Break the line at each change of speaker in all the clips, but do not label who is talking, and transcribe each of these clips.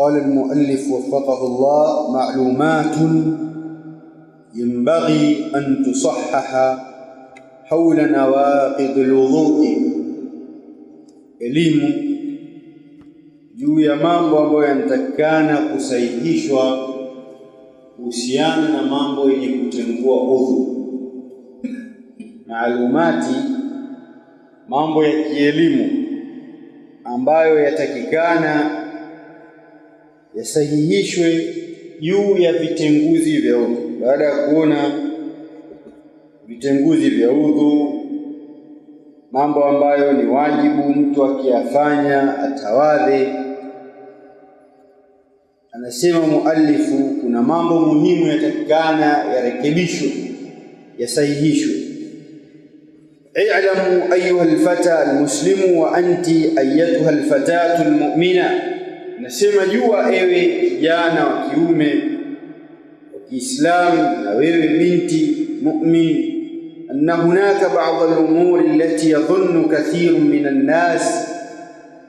قال المؤلف وفقه الله معلومات ينبغي أن تصحح حول نواقض الوضوء إليم جويا مامبو أبو ينتكان قسيهش وقسيان مامبو يكتنقو أوضو معلومات مامبو يكي إليم ambayo yatakikana yasahihishwe juu ya vitenguzi vya udhu. Baada ya kuona vitenguzi vya udhu, mambo ambayo ni wajibu mtu akiyafanya atawadhe, anasema muallifu, kuna mambo muhimu yatakikana yarekebishwe, yasahihishwe I'lamu ayuha lfata almuslimu wa anti ayatuha lfatatu lmumina anasema jua ewe kijana wa kiume wa Kiislamu, na wewe binti mu'min, anna hunaka ba'd al-umuri allati yadhunnu kathirun min an-nas,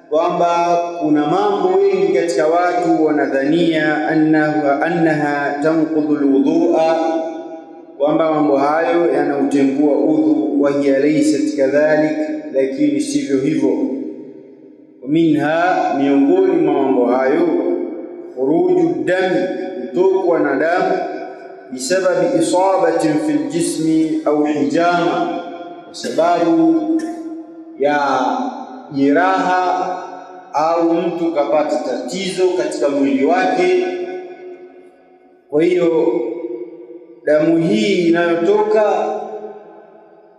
kwamba kuna mambo wengi katika watu wanadhania annaha, annaha tanqudhu al-wudhu'a, kwamba mambo hayo yanautengua udhu. Wa hiya laysat kadhalik, lakini sivyo hivyo. Minha, miongoni mwa mambo dami, kutokwa na damu, bisababi isabatin fi ljismi au hijama, kwa sababu ya jeraha au mtu kapata tatizo katika mwili wake. Kwa hiyo damu hii inayotoka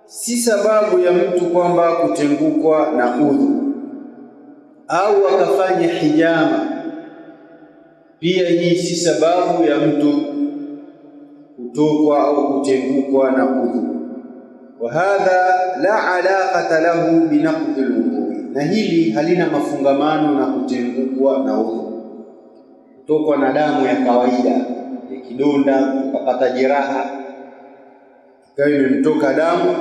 si sababu ya mtu kwamba kutengukwa na udhu au akafanya hijama pia hii si sababu ya mtu kutokwa au kutengukwa na udhu. Wa hadha la alaqata lahu binaqdi lwudhui, na hili halina mafungamano na kutengukwa na udhu. Kutokwa na damu ya kawaida ya kidonda, ukapata jeraha ikawa imemtoka damu,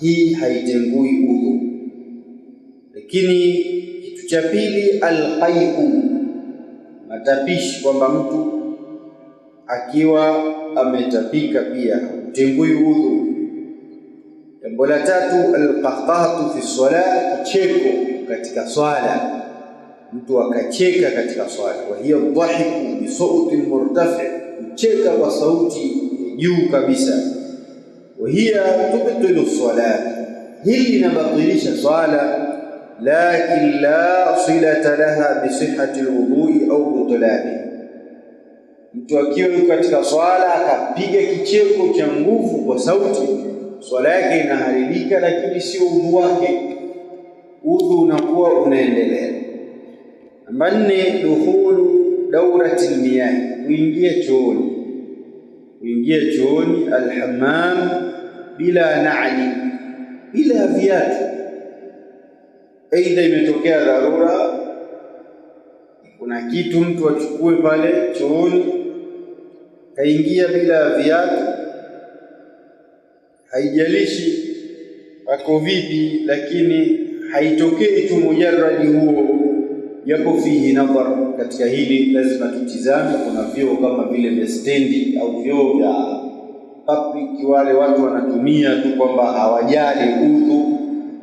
hii haitengui udhu. Lakini kitu cha pili alqaiu matapishi, kwamba mtu akiwa ametapika pia utengui udhu. Jambo la tatu, alqahqahatu fi sala, kicheko katika swala, mtu akacheka katika swala. Wa hiya dhahiku bi sauti murtafi, kucheka kwa sauti juu kabisa. Wa hiya tubtilu salati, hili linabatilisha swala lakin la silata laha bisihati lwudhui au butlani. Mtu akiwa yuko katika swala akapiga kicheko cha nguvu kwa sauti, swala yake inaharibika, lakini sio udhu wake, udhu unakuwa unaendelea. Namba nne, dukhulu daurati lmiyahi, kuingia chooni, kuingia chooni alhamam bila na'li, bila viatu Aidha, imetokea dharura, kuna kitu mtu achukue pale chooni, kaingia bila ya viatu, haijalishi ako vipi, lakini haitokei tu mujarradi huo. yapo fihi nadhar, katika hili lazima tutizame. Kuna vyoo kama vile vya stendi au vyoo vya public, wale watu wanatumia tu kwamba hawajali udhu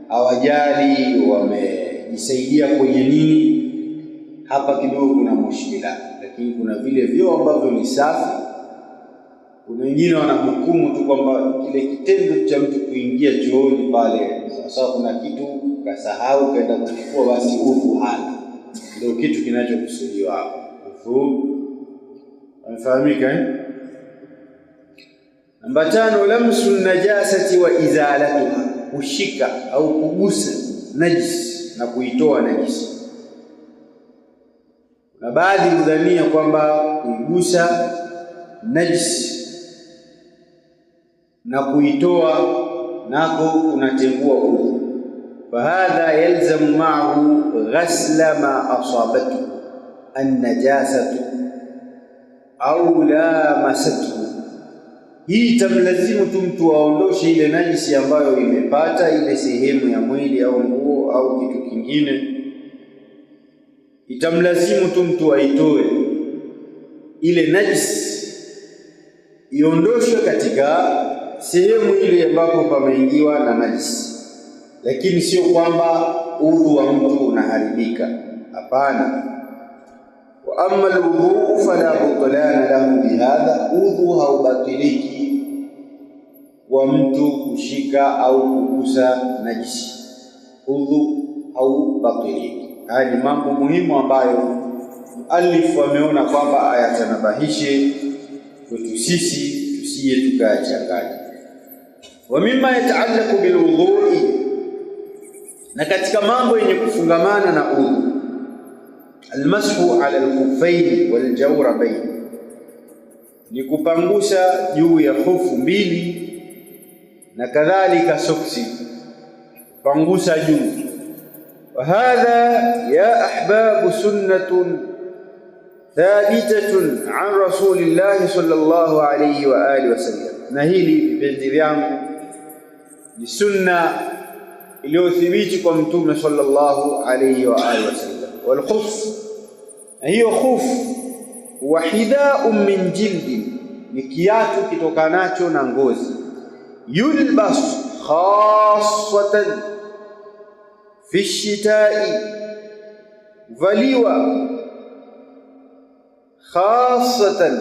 hawajali wamejisaidia kwenye nini. Hapa kidogo kuna mushkila, lakini kuna vile vyoo ambavyo ni safi. Kuna wengine wanahukumu tu kwamba kile kitendo cha mtu kuingia chooni pale, sawasawa, kuna kitu kasahau kaenda kuchukua, basi udhu hana, ndio kitu kinachokusudiwa hapo. Udhu amefahamika eh? Namba tano, lamsu najasati wa izalatuha kushika au kugusa najisi na kuitoa najisi. Na baadhi hudhania kwamba kuigusa najisi na kuitoa nako kunatengua udhu, fahadha yalzamu maahu ghasla ma asabatu annajasatu au lamasathu hii itamlazimu tu mtu aondoshe ile najisi ambayo imepata ile sehemu ya mwili au nguo au kitu kingine, itamlazimu tu mtu aitoe ile najisi, iondoshwe katika sehemu ile ambapo pameingiwa na najisi, lakini sio kwamba udhu wa mtu unaharibika. Hapana wa amma alwudhuu fala butlana lahu bihadha, udhu haubatiliki kwa mtu kushika au kugusa najisi, udhu haubatiliki. Haya ni mambo muhimu ambayo mualifu ameona kwamba ayatanabahishe kwetu sisi tusiye tukayachanganya. Wa mimma yataalaku bilwudhui, na katika mambo yenye kufungamana na udhu Almashu ala alkhuffaini waljaurabain, ni kupangusha juu ya hofu mbili na kadhalika soksi, pangusha juu. Wa hadha ya ahbabu sunnatun thabitatun an rasulillahi sallallahu alayhi wa alihi wasallam, na hili vipenzi vyangu ni sunna iliyothibiti kwa Mtume sallallahu alayhi wa alihi wasallam. والخف هي خوف وحذاء من جلد نكياتو كتوكاناتو نانغوز يلبس خاصة في الشتاء فليوا خاصة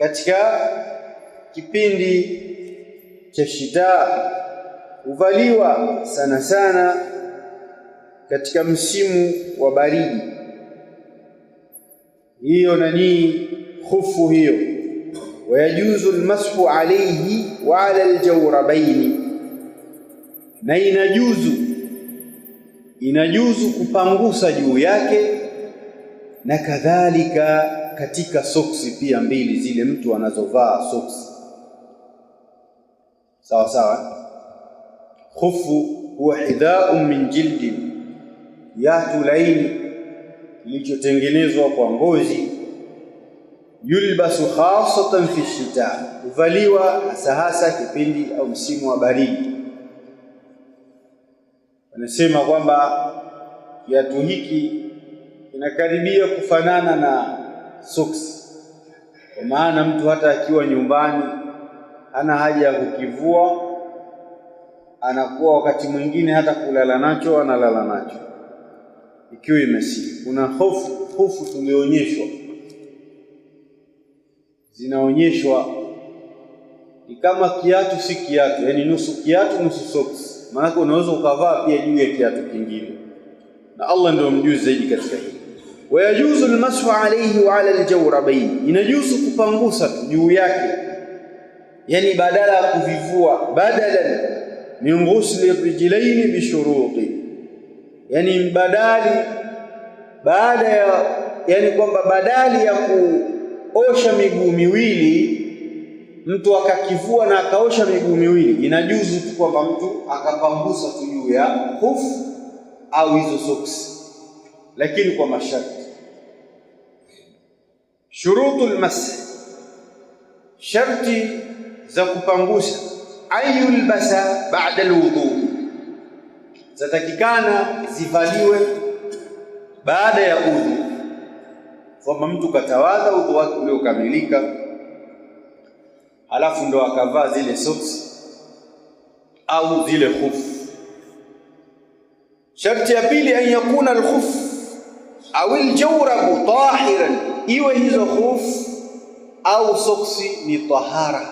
كتكا كبيندي كشتاء وفليوا سنة سنة, سنة katika msimu wa baridi hiyo nanii khufu hiyo, wayajuzu almashu alayhi wa ala aljawrabaini, na inajuzu inajuzu kupangusa juu yake, na kadhalika katika soksi pia mbili zile mtu anazovaa soksi. Sawa sawa, khufu huwa hidhaun min jildin kiatu laini kilichotengenezwa kwa ngozi, yulbasu khasatan fi shita, huvaliwa hasa hasa kipindi au msimu wa baridi. Wanasema kwamba kiatu hiki kinakaribia kufanana na soksi, kwa maana mtu hata akiwa nyumbani hana haja ya kukivua, anakuwa wakati mwingine hata kulala nacho analala nacho ikiwa imesii. Kuna hofu, hofu tulionyeshwa zinaonyeshwa ni kama kiatu si kiatu, yani nusu kiatu nusu soksi, maanake unaweza ukavaa pia juu ya kiatu kingine, na Allah ndio mjuzi zaidi katika hili. Wayajuzu almashu alayhi wa ala aljawrabain, inajuzu kupangusa tu juu yake, yaani badala ya kuvivua, badala min ghusli rijlaini bishuruti yani mbadali baada ya yani kwamba badali ya kuosha miguu miwili mtu akakivua na akaosha miguu miwili, inajuzu tu kwamba mtu akapambusa tu juu ya hofu au hizo socks lakini kwa masharti. Shurutul masih, sharti za kupangusa, ayulbasa baada alwudhu zatakikana zivaliwe baada ya udhu, kwamba mtu katawadha udhu wake uliokamilika, halafu ndo akavaa zile soksi au zile khuf. Sharti ya pili, an yakuna alkhuf au aljawrabu tahiran, iwe hizo khuf au soksi ni tahara,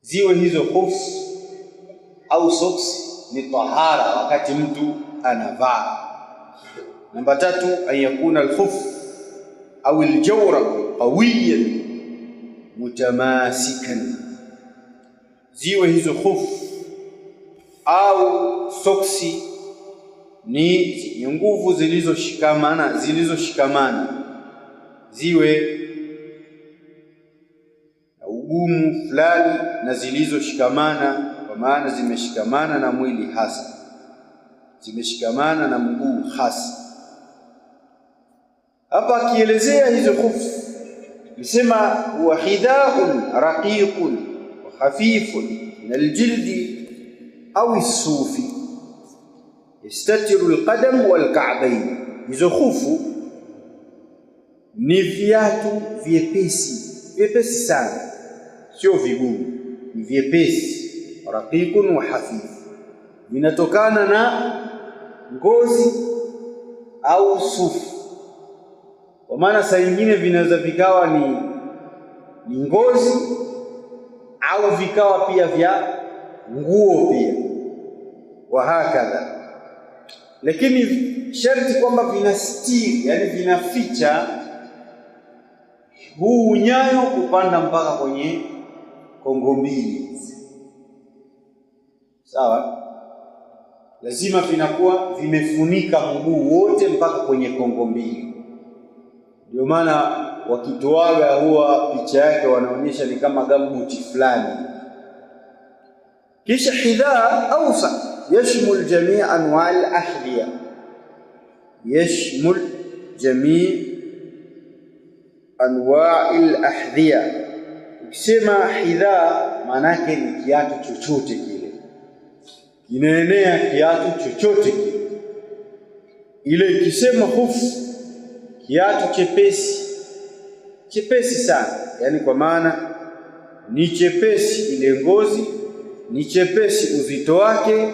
ziwe hizo khufu au soksi ni tahara wakati mtu anavaa. Namba tatu, anyakuna alkhuf au aljawra qawiyan mutamasikan, ziwe hizo khuf au soksi ni zenye nguvu zilizoshikamana zilizoshikamana, ziwe na ugumu fulani na zilizoshikamana maana zimeshikamana na mwili hasa, zimeshikamana na mguu hasa. Hapa akielezea hizo kufu nisema huwa hidhaun raqiqun wa khafifun min aljildi au sufi yastatiru alqadam walka'bayn. Hizo kufu ni viatu vyepesi vyepesi sana, sio vigumu, ni vyepesi raqiqun wa hafif, vinatokana na ngozi au sufu. Kwa maana saa nyingine vinaweza vikawa ni, ni ngozi au vikawa pia vya nguo pia, wa hakadha. Lakini sharti kwamba vinastiri, yani vinaficha huu unyayo kupanda mpaka kwenye kongo mbili sawa, lazima vinakuwa vimefunika mguu wote mpaka kwenye kongo mbili. Ndio maana wakitoaga huwa picha yake wanaonyesha ni kama gambuti fulani. Kisha hidhaa ausa yashmul jamii anwa al yashmul jamii anwa al Ukisema hidhaa maana ni kiatu chochote inaenea kiatu chochote Ile ikisema hofu, kiatu chepesi chepesi sana, yaani kwa maana ni chepesi ile ngozi, ni chepesi uzito wake,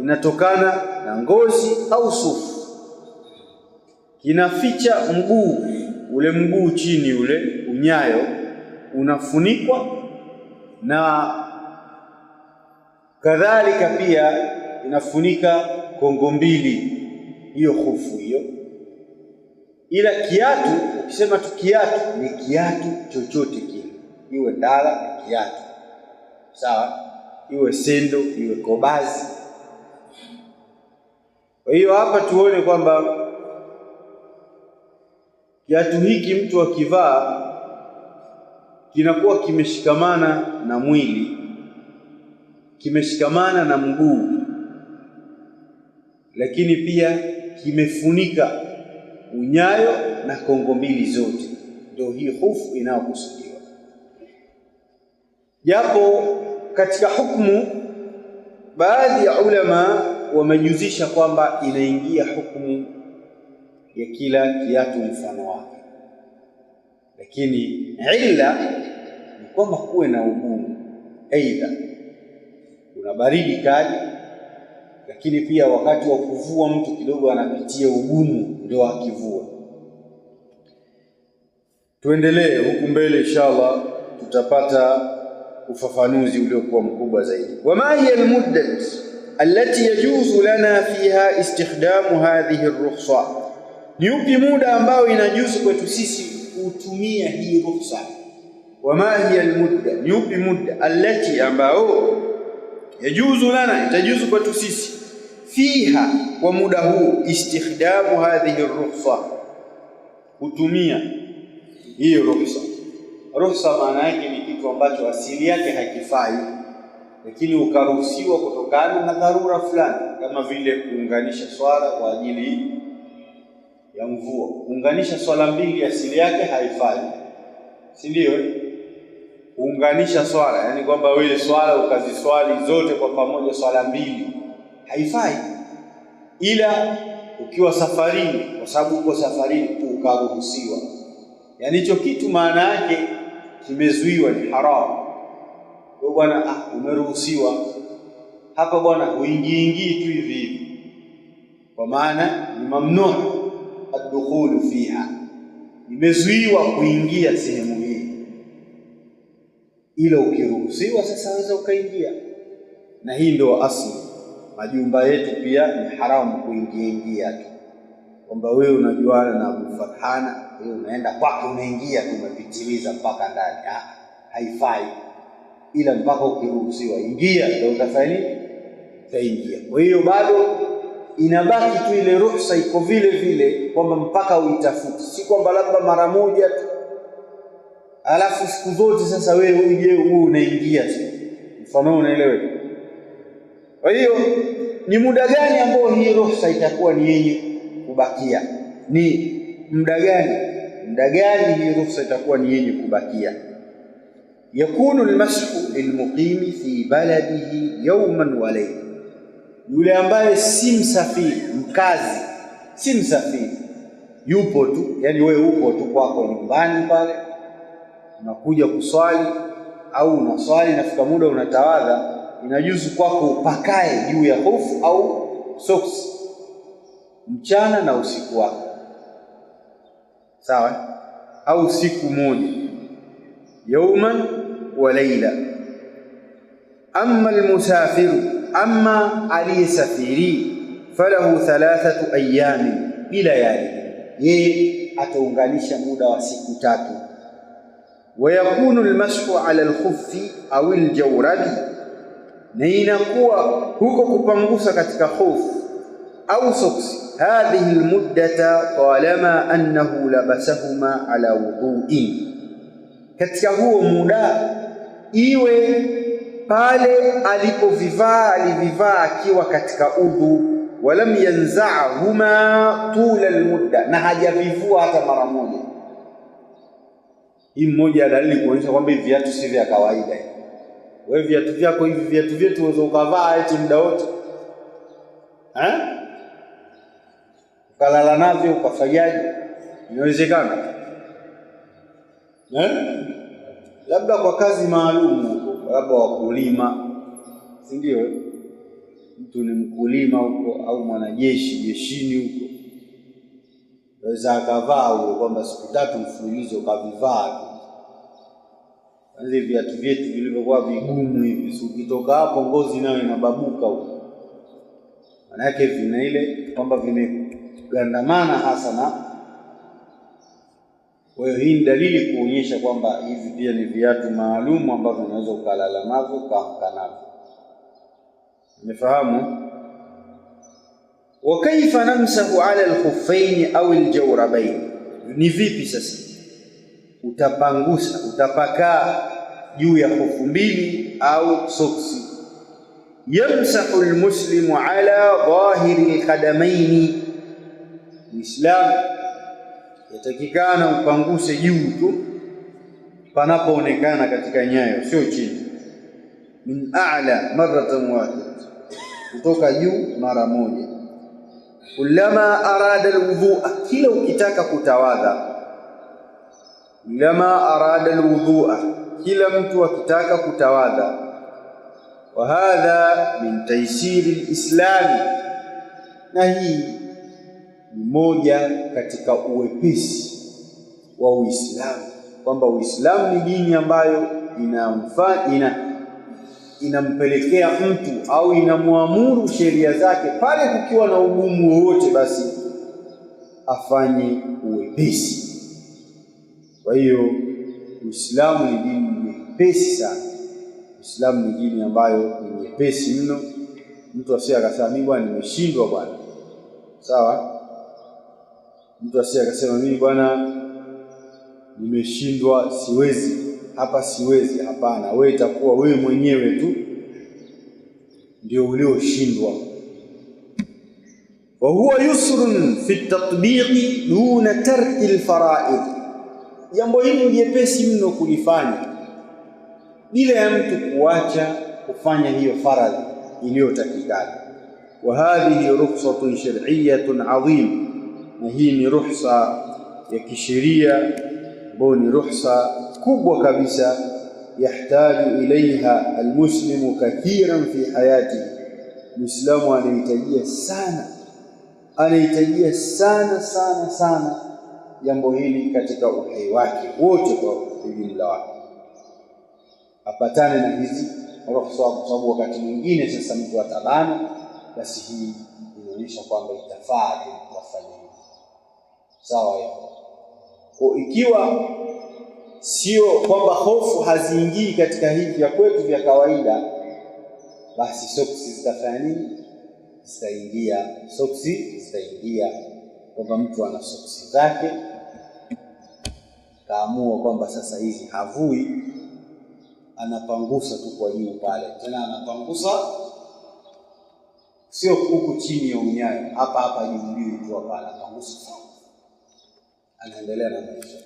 inatokana na ngozi au sufu. Kinaficha mguu ule, mguu chini ule unyayo unafunikwa na Kadhalika pia inafunika kongo mbili, hiyo hofu hiyo. Ila kiatu, ukisema tu kiatu, ni kiatu chochote kile, iwe ndala ni kiatu sawa, iwe sendo, iwe kobazi. Kwa hiyo hapa tuone kwamba kiatu hiki mtu akivaa kinakuwa kimeshikamana na mwili kimeshikamana na mguu, lakini pia kimefunika unyayo na kongo mbili zote. Ndio hii hofu inayokusudiwa, japo katika hukumu baadhi ya ulama wamejuzisha kwamba inaingia hukumu ya kila kiatu mfano wake, lakini illa ni kwamba kuwe na ugumu aidha kuna baridi kali, lakini pia wakati wa kuvua mtu kidogo anapitia ugumu ndio akivua. Tuendelee huku mbele, inshallah tutapata ufafanuzi uliokuwa mkubwa zaidi. wama hiya almuddat allati yajuzu lana fiha istikhdamu hadhihi rukhsa, ni upi muda ambao inajuzu kwetu sisi kutumia hii rukhsa? wama hiya almudda, ni upi muda allati ambao yajuzu lana, itajuzu kwetu sisi, fiha, kwa muda huu, istikhdamu hadhihi ruhsa kutumia hiyo ruhsa ruhsa maana yake ni kitu ambacho asili yake hakifai, lakini ukaruhusiwa kutokana na dharura fulani, kama vile kuunganisha swala kwa ajili ya mvua. Kuunganisha swala mbili asili yake haifai, si ndio? kuunganisha swala, yaani kwamba wewe swala ukaziswali zote kwa pamoja, swala mbili, haifai, ila ukiwa safarini, kwa sababu uko safarini ukaruhusiwa. Yaani hicho kitu maana yake kimezuiwa, ni haramu. Kwa bwana, ah, umeruhusiwa hapa bwana, uingiingii tu hivi hivi, kwa maana ni mamnuu adukhulu fiha, imezuiwa kuingia sehemu ila ukiruhusiwa sasa waweza ukaingia, na hii ndio asili. Majumba yetu pia ni haramu kuingia ingia tu, kwamba wewe unajuana na Abu Farhana, wewe unaenda kwake unaingia tumepitiliza mpaka ndani, ah, haifai, ila mpaka ukiruhusiwa ingia ndio utafanya utaingia. Kwa hiyo bado inabaki tu ile ruhusa, iko vile vile kwamba mpaka uitafute, si kwamba labda mara moja tu alafu siku zote sasa wewe uje huu unaingia, mfano unaeleweka. Kwa hiyo ni muda gani ambao hii ruhusa itakuwa ni yenye kubakia? Ni muda gani, muda gani hii ruhusa itakuwa ni yenye kubakia? yakunu almashu lilmuqimi fi baladihi yawman wa layla, yule ambaye si msafiri, mkazi si msafiri, yupo tu, yani wewe upo tu kwako nyumbani pale unakuja kuswali au unaswali, nafika muda unatawadha, inajuzu kwako upakae juu ya hofu au soksi mchana na usiku wako, sawa au siku moja, yauman wa laila. Amma almusafiru, amma aliyesafiri, falahu thalathatu ayami bila yali, yeye ataunganisha muda wa siku tatu wayakunu almashu ala alkhuffi au aljawrabi, na inakuwa huko kupangusa katika hofu au soksi. Hadhihi almuddata talama annahu labasahuma ala wuduin, katika huo muda iwe pale alipovivaa alivivaa akiwa katika udhu walam yanzahuma tula almudda, na hajavivua hata mara moja hii mmoja ya dalili kuonyesha kwamba hivi viatu si vya kawaida. Wewe viatu vyako hivi viatu vyetu unaweza ukavaa eti muda wote eh, ukalala navyo ukafanyaje? Inawezekana eh? labda kwa kazi maalum huko, labda wakulima, si ndio? Mtu ni mkulima huko au mwanajeshi jeshini huko naweza akavaa huo kwamba siku tatu mfululizo kavivaa zile viatu vyetu vilivyokuwa vigumu hivi, si ukitoka hapo ngozi nayo inababuka huko, maana yake vina ile kwamba vimegandamana hasa na kwa hiyo hii ni dalili kuonyesha kwamba hivi pia ni viatu maalumu ambavyo unaweza ukalala navyo ukaamka navyo. Umefahamu? wa kaifa namsahu ala alkhuffaini au aljawrabaini, ni vipi sasa utapangusa utapakaa juu ya hofu mbili au soksi. Yamsahu almuslimu ala dhahiri alqadamaini, Muislamu yatakikana upanguse juu tu panapoonekana katika nyayo, sio chini. Min a'la maratan wahida, kutoka juu mara moja kulama arada alwudhua, kila ukitaka kutawadha. kulama arada alwudhua, kila mtu akitaka kutawadha. Wa hadha min taisiri lislami, na hii ni moja katika uwepesi wa Uislamu, kwamba Uislamu ni dini ambayo inamfaa ina inampelekea mtu au inamwamuru sheria zake pale kukiwa na ugumu wowote, basi afanye uwepesi. Kwa hiyo Uislamu ni dini nyepesi sana. Uislamu ni dini ambayo ni nyepesi mno. Mtu asiye akasema mimi bwana nimeshindwa bwana, sawa. Mtu asiye akasema mimi bwana nimeshindwa, siwezi hapa siwezi. Hapana, wewe itakuwa wewe mwenyewe tu ndio ulioshindwa. Wa huwa yusrun fi tatbiqi duna tarki lfaraid, jambo hili jepesi mno kulifanya bila ya mtu kuacha kufanya hiyo faradhi iliyotakikana. Wa hadhihi rukhsatun shar'iyyatun adhim, na hii ni ruhsa ya kisheria ambayo ni ruhsa kubwa kabisa, yahtaju ilaiha almuslimu kathiran fi hayati, muislamu anahitajia sana, anahitajia sana sana sana jambo hili katika uhai wake wote kwa ujumla wake, apatane na hizi ruhusa, kwa sababu wakati mwingine sasa mtu atabana, Basi hii inaonyesha kwamba itafaa kufanya sawa. Kwa ikiwa sio kwamba hofu haziingii katika hivi vya kwetu vya kawaida, basi soksi zitafanya nini? Zitaingia. Soksi zitaingia, kwamba mtu ana soksi zake, kaamua kwamba sasa hizi havui, anapangusa tu kwa juu pale, tena anapangusa sio huku chini ya unyayo, hapa hapa juu ndio tu, hapa anapangusa, anaendelea na maisha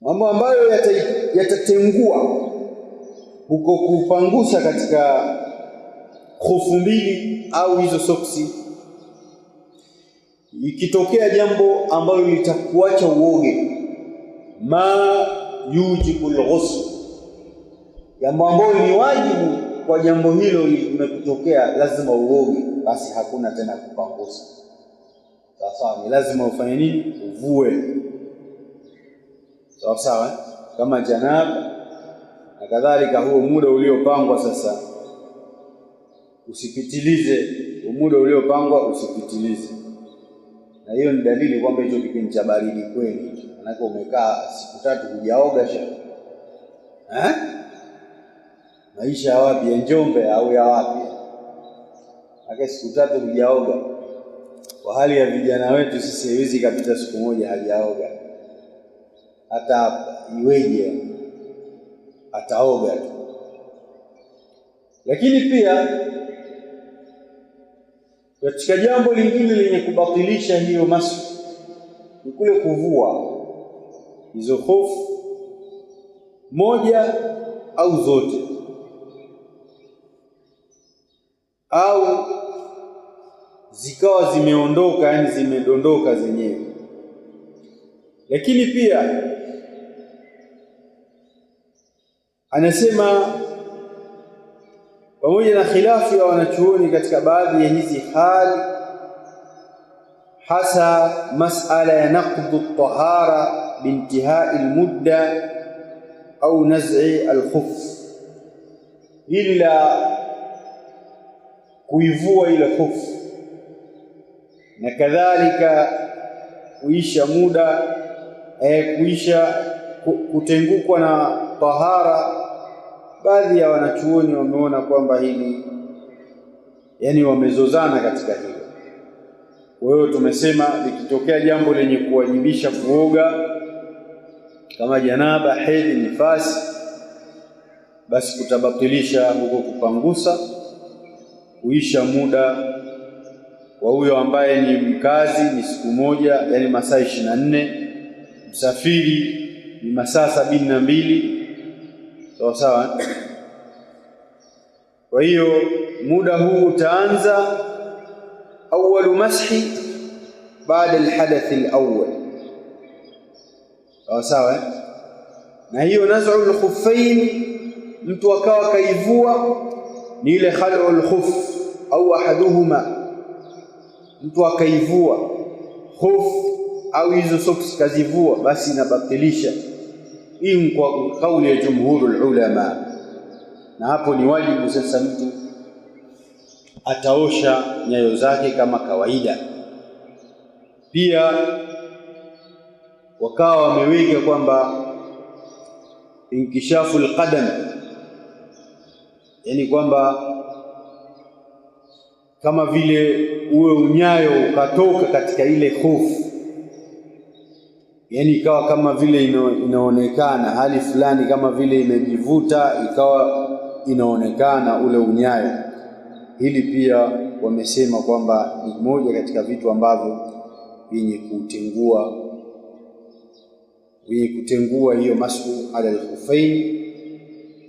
mambo ambayo yatatengua yata huko kupangusa katika hofu mbili au hizo soksi, ikitokea jambo ambalo litakuacha uoge, ma yujibu lghusl, jambo ambalo ni wajibu kwa jambo hilo limekutokea, lazima uoge, basi hakuna tena kupangusa. Sawa sawa, ni lazima ufanye nini? Uvue sawa sawa, eh? kama janaba na kadhalika. Huo muda uliopangwa sasa usipitilize, muda uliopangwa usipitilize, na hiyo ni dalili kwamba hicho kipindi cha baridi kweli, manake umekaa siku tatu hujaoga sha eh? maisha ya wapi ya Njombe au ya wapi? Manake siku tatu hujaoga, kwa hali ya vijana wetu sisi, haiwezi kapita siku moja hajaoga hata iweje, ataoga tu. Lakini pia katika jambo lingine lenye kubatilisha hiyo masu ni kule kuvua hizo hofu moja au zote au zikawa zimeondoka, yani zimedondoka zenyewe, lakini pia Anasema pamoja na khilafu ya wanachuoni katika baadhi ya hizi hali, hasa masala ya naqdu tahara bintihai lmudda au naz'i alkhuf, hili la kuivua ile khuf na kadhalika kuisha muda eh, kuisha kutengukwa na tahara baadhi ya wanachuoni wameona kwamba hili yani, wamezozana katika hilo. Kwa hiyo tumesema likitokea jambo lenye kuwajibisha kuoga kama janaba, hedhi, nifasi, basi kutabatilisha huko kupangusa, kuisha muda wa huyo ambaye ni mkazi ni siku moja, yani masaa ishirini na nne. Msafiri ni masaa sabini na mbili sawa sawa. Kwa hiyo muda huu utaanza awalu mashi baada alhadath alawwal, sawa sawa. Na hiyo naz'u alkhuffain, mtu akawa kaivua, ni ile khal'u alkhuff au ahaduhuma, mtu akaivua khuff au hizo soksi kazivua, basi inabatilisha in kwa kauli ya jumhuru ulama, na hapo ni wajibu sasa mtu ataosha nyayo zake kama kawaida. Pia wakawa wameweka kwamba inkishafu lqadam, yani kwamba kama vile uwe unyayo ukatoka katika ile hofu yani ikawa kama vile ino, inaonekana hali fulani kama vile imejivuta ikawa inaonekana ule unyayo. Hili pia wamesema kwamba ni moja katika vitu ambavyo vyenye kutengua vyenye kutengua hiyo mashu ala alkhufain.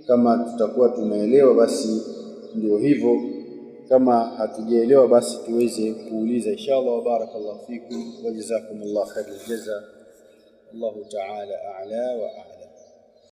Kama tutakuwa tunaelewa basi ndio hivyo, kama hatujaelewa basi tuweze kuuliza inshallah. Barakallahu fikum wa jazakumullahu khairul jaza. والله تعالى أعلى وأعلم